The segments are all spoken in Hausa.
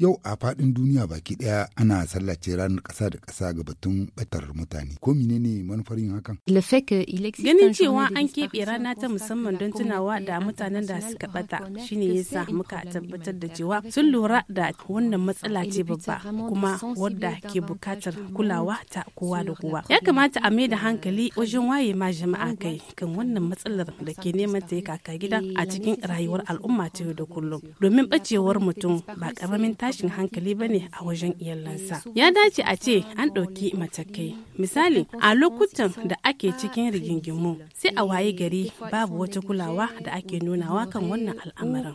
Yau a faɗin duniya baki ɗaya ana sallace ranar ƙasa da ƙasa ga batun ɓatar mutane. Ko mine ne manufar yin hakan? Ganin cewa an keɓe rana ta musamman don tunawa da mutanen da suka ɓata shine yasa muka tabbatar da cewa sun lura da wannan matsala ce babba kuma wadda ke bukatar kulawa ta kowa da kowa. Ya kamata a mai da hankali wajen waye ma jama'a kai kan wannan matsalar da ke neman ta yi kaka gida a cikin rayuwar al'umma ta yau da kullum. Domin ɓacewar mutum ba ƙaramin tashin hankali ba a wajen iyalansa. Ya dace a ce an ɗauki matakai. Misali, a lokutan da ake cikin rigingimu sai a waye gari babu wata kulawa da ake nunawa kan wannan al'amarin.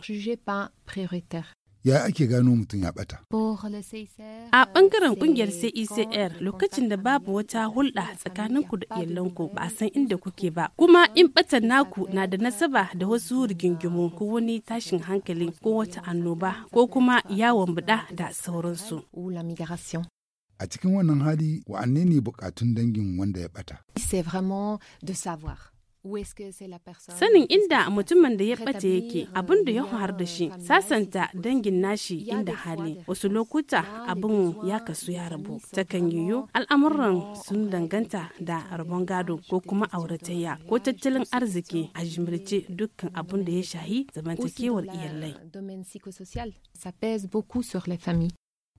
ya ake gano mutum ya bata. A bangaren kungiyar CECR lokacin da babu wata hulɗa tsakanin ku da iyalanku ba a san inda kuke ba. Kuma in batan naku na da nasaba da wasu rigingimu ko wani tashin hankali ko wata annoba ko kuma yawon buɗa da sauransu. A cikin wannan hali wa'anne ne bukatun dangin wanda ya bata? C'est vraiment de savoir. Sanin inda mutumin da ya bace yake euh, abin da ya har da shi sasanta dangin nashi inda hali wasu lokuta abin ya kasu ya rabu takan yiwu al'amuran sun danganta da rabon gado ko kuma auratayya ko tattalin arziki a jimirce dukkan abin da ya shahi zamantakewar iyalai.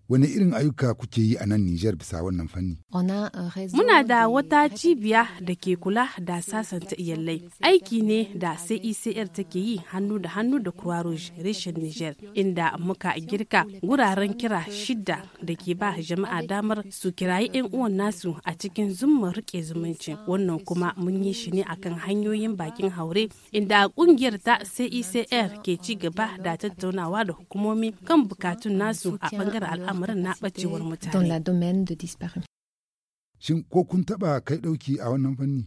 Wani irin ayyuka kuke yi a nan Nijar bisa wannan fanni? Euh, Muna da wata cibiya da ke kula da sasanta iyalai. Aiki ne da CICR take yi hannu da hannu da Croix Rouge reshen Nijar, inda muka girka wuraren kira shida da ke ba jama'a damar su kirayi 'yan uwan nasu a cikin zumma rike zumunci. Wannan kuma mun yi shi ne akan hanyoyin bakin haure, inda kungiyar ta CICR ke ci gaba da tattaunawa da hukumomi kan bukatun nasu a bangaren al'amura. al'amuran na bacewar mutane. Shin ko kun taba kai dauki a wannan fanni?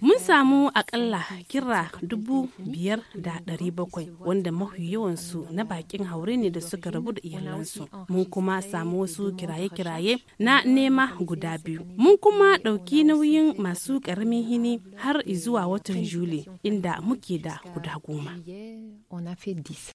Mun samu akalla kira dubu biyar da ɗari bakwai wanda mafi yawansu na bakin haure ne da suka rabu da iyalansu. Mun kuma samu wasu kiraye-kiraye na nema guda biyu. Mun kuma ɗauki nauyin masu ƙaramin hini har zuwa watan Juli inda muke da guda goma.